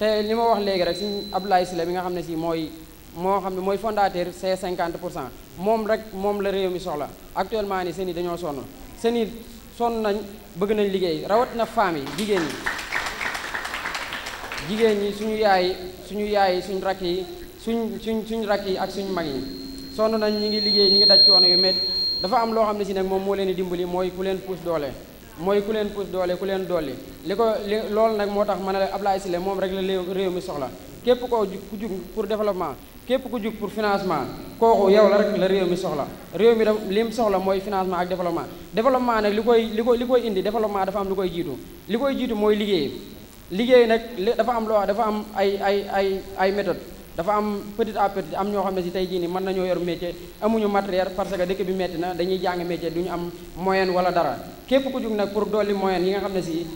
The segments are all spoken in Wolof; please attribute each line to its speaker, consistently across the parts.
Speaker 1: te li ma wax léegi rek suñ Abdoulaye Sylla bi nga xam ne si mooy moo xam ne mooy fondateur c'est 50 pour cent moom rek moom la réew mi soxla actuellement ni seen i dañoo sonn seen i sonn nañ bëgg nañ liggéey rawat na femmes yi jigéen ñi jigéen ñi suñu yaay suñu yaay suñu rakk yi suñu suñ suñu rakk yi ak suñu mag yi sonn nañ ñi ngi liggéey ñi ngi daj coono yu métti dafa am loo xam ne si nag moom moo leen di dimbali mooy ku leen puus doole mooy ku leen pousse doole ku leen dolli li ko loolu nag moo tax ma ne la Ablaye lee moom rek la réew mi soxla képp koo jug ku jug pour développement képp ku jug pour financement kooku yow la rek la réew mi soxla réew mi da li soxla mooy financement ak développement développement nag li koy li koy li koy indi développement dafa am lu koy jiitu li koy jiitu mooy liggéey liggéey nag dafa am loo dafa am ay ay ay ay méthode dafa am petit à petit am ñoo xam ne si tey jii ni mën nañoo yor métier amuñu matériel parce que dëkk bi métti na dañuy jàng métier duñu am moyen wala dara képp ku jug nag pour dolli moyen yi nga xam ne si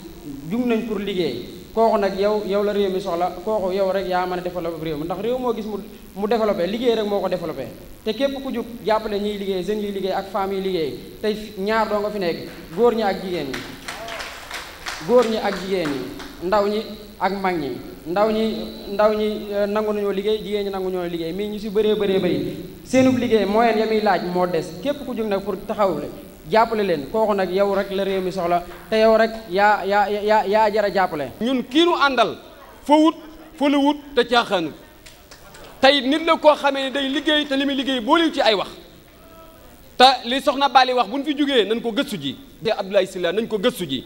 Speaker 1: jug nañ pour liggéey kooku nag yow yow la réew mi soxla kooku yow rek yaa mën a développé réew mi ndax réew moo gis mu mu liggéey rek moo ko développé te képp ku jug jàppale ñiy liggéey jeunes yuy liggéey ak femmes yi liggéey tey ñaar doo nga fi nekk góor ñi ak jigéen ñi góor ñi ak jigéen ndaw ñi ak mag ñi ndaw ñi ndaw ñi euh, nangu nañoo liggéey jigéen ñi nangu ñoo liggéey mais ñu si bëree bëree bëri seenub liggéey moyen ya muy laaj moo des képp ku jóg nag pour taxaw jàppale leen kooku nag yow rek la réew mi soxla te yow rek yaa yaa yaa yaa jara jàppale ñun kii nu àndal
Speaker 2: fa wut fa la wut te caaxaanut tey nit la koo xamee ne day liggéey te li muy liggéey booliw ci ay wax te li soxna Bali wax bu ñu fi jógee nañ ko gëstu ji te Abdoulaye Sylla nañ ko gëstu ji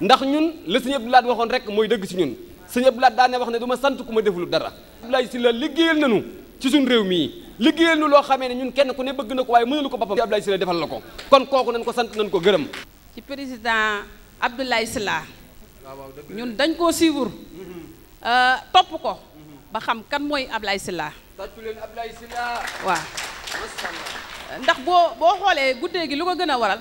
Speaker 2: ndax ñun la sëñ Abdoulaye waxoon rek mooy dëgg si ñun sëñ Abdou Lahad daane wax ne du ma sant ku ma deful dara Abdoulaye Sylla liggéeyal nanu ci suñ réew mii liggéeyal nu loo xamee ne ñun kenn ku ne bëgg na ko waaye mënulu ko boppam Abdoulaye Sylla defal la ko kon kooku nañ ko sant nañ ko gërëm
Speaker 3: ci président Abdoulaye Sylla ñun dañ koo suivre euh, topp ko ba xam kan mooy Abdoulaye sillaa
Speaker 2: waaw
Speaker 3: ndax boo boo xoolee guddee gi lu ko gën a waral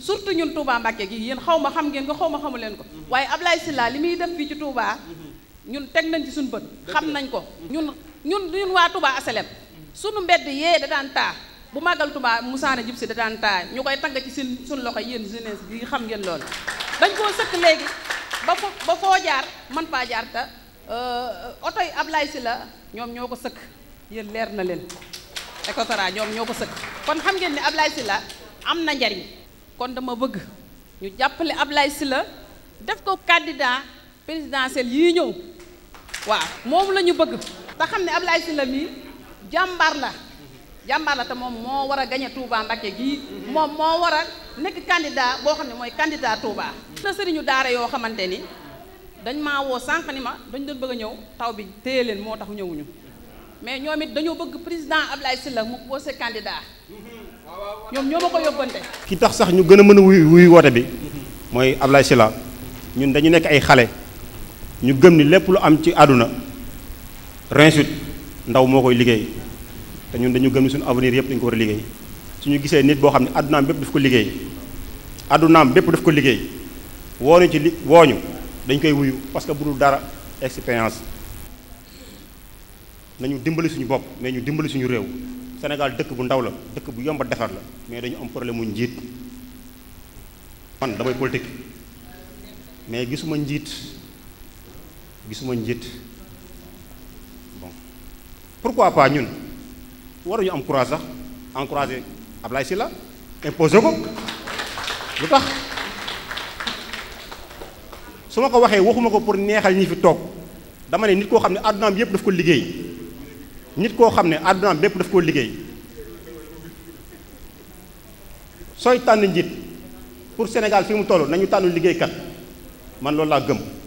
Speaker 3: surtout ñun Touba Mbacke gi yéen xaw ma xam ngeen ko xaw ma xamu leen ko waaye Abdoulaye Sylla li muy def fii ci Touba ñun teg nañ ci suñu bët xam nañ ko ñun ñun ñun waa Touba aselem suñu mbedd yee da daan taa bu màggal Touba musaana jub si da daan taa ñu koy tagg ci seen loxo yéen jeunesse bi xam ngeen loolu dañ koo sëkk léegi ba fo ba foo jaar man faa jaar te euh, oto yi Ablaye si la ñoom ñoo ko sëkk yéen leer na leen Ecotra ñoom ñoo ko sëkk kon xam ngeen ne Ablaye si la am na njariñ kon dama bëgg ñu jàppale Ablaye si la def ko candidat présidentiel yi ñëw waaw moom la ñu bëgg te xam ne Abdoulaye Sylla mii jàmbaar la jàmbaar la te moom moo war a gañe Touba Mbacké gii moom moo war a nekk candidat boo xam ne mooy candidat Touba na sëriñu daara yoo xamante ni dañ maa woo sànq ni ma dañ doon bëgg a ñëw taw bi téye leen moo tax ñëwuñu mais ñoom it dañoo bëgg président Abdoulaye Sylla mu posé candidat ñoom ñoo ma ko yóbbante
Speaker 4: ki tax sax ñu gën a mën a wuy wuy woote bi mooy Abdoulaye Sylla ñun dañu nekk ay xale ñu gëm ni lépp lu am ci aduna rinsut ndaw moo koy liggéey te ñun dañu gëm ni suñu avenir yëpp dañ ko war a liggéey suñu gisee nit boo xam ne àddunaam bépp daf ko liggéey àddunaam bépp daf ko liggéey woonu ci li wooñu dañ koy wuyu parce que bu dul dara expérience nañu dimbali suñu bopp mais ñu dimbali suñu réew Sénégal dëkk bu ndaw la dëkk bu yomba a defar la mais dañu am problème mu njiit man damay politique mais gisuma njiit gisuma njit bon pourquoi pas ñun waru ñu am courage sax encouragé Ablaye sila imposé ko lutax suma ko waxee waxuma ko pour neexal ñi fi tok dama ne nit ko xam ne àddunaam yépp daf ko liggéey nit ko xam ne àddunaam yépp daf ko liggéey sooy tànn njiit pour Sénégal fi mu toll nañu tànn kat man loolu laa gëm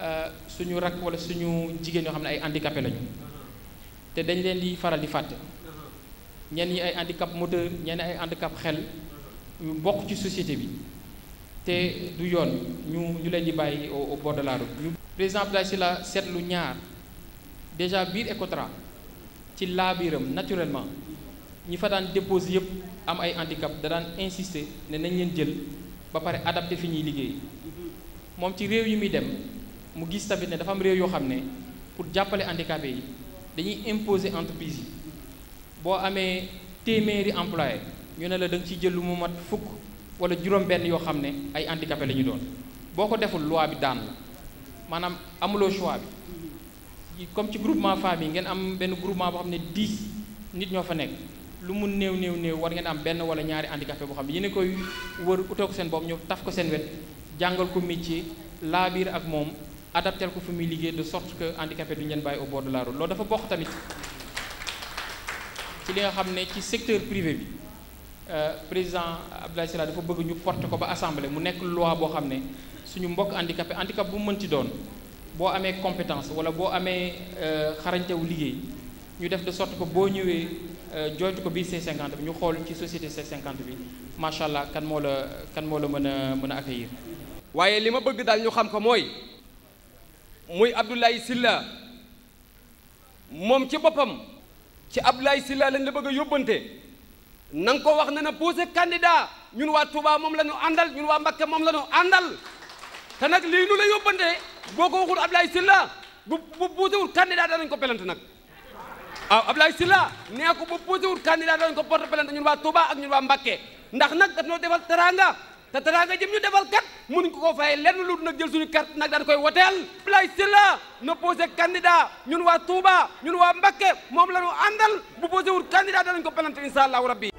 Speaker 5: Euh, suñu rak wala suñu jigéen yoo xam ne ay handicapé lañu te dañ leen di faral di fàtte ñenn ñi ay handicap moteur ñenn ay handicap xel ñu bokk ci société bi te du yoon ñu ñu leen di bàyyi au bord de la route. ñu par exemple président Abdoulaye Sylla seetlu ñaar déjà biir ECOTRA ci laabiram naturellement ñi fa daan déposé yëpp am ay handicap da daan insister ne nañ leen jël ba pare adapté fi ñuy liggéey moom ci réew yi muy dem mu gis tamit ne dafa am réew yoo xam ne pour jàppale handicapé yi dañuy imposer entreprise yi boo amee téeméeri employé ñu ne la da nga ci jël lu mu mat fukk wala juróom-benn yoo xam ne ay handicapé la ñu doon boo ko deful loi bi daan la maanaam amuloo choix bi comme ci groupement femmes yi ngeen am benn groupement boo xam ne dix nit ñoo fa nekk lu mu néew néew néew war ngeen am benn wala ñaari handicapé boo xam ne yéen koy wër utoo ko seen bopp ñëw taf ko seen wet jàngal ko métier laa ak moom adapter ko coup de de sorte que handicapé du ñu leen au bord de la route loolu dafa bokk tamit ci li nga xam ne ci secteur privé bi euh, président Abdoulaye Sylla dafa bëgg ñu porter ko ba assemblée mu nekk loi boo xam ne suñu mbokk handicapé handicap bu mu mënti doon boo amee compétence wala boo amee euh, xarañtewu liggéey ñu def de sorte que boo ñëwee euh, jooytu ko biir C50 bi ñu xool ci société C50 bi macha allah kan moo la kan moo la mën a mën accueillir.
Speaker 2: waaye li ma bëgg daal ñu xam ko muy Abdoulaye silla moom ci boppam ci Abdoulaye Sylla lañ la bëgg a yóbbante na nga ko wax ne na posé candidat ñun waa Touba moom la ñu àndal ñun waa Mbakke moom la ñu àndal te nag lii nu la yóbbante boo ko waxul Abdoulaye Sylla bu bu posé wul candidat danañ ko pelante nag waaw ah, Abdoulaye Sylla nee ko bu posé wul candidat danañ ko porte pelante ñun waa Touba ak ñun waa Mbakke ndax nag dañoo defal teraanga te teraanga jëm ñu defal kat mënuñ ko koo fay lenn lu nag jël suñu carte nag daan koy woteel Abdoulaye Sylla na posé candidat ñun waa Touba ñun waa Mbacké moom la ñu àndal bu posé wul candidat danañ ko planté incha allahu rabbi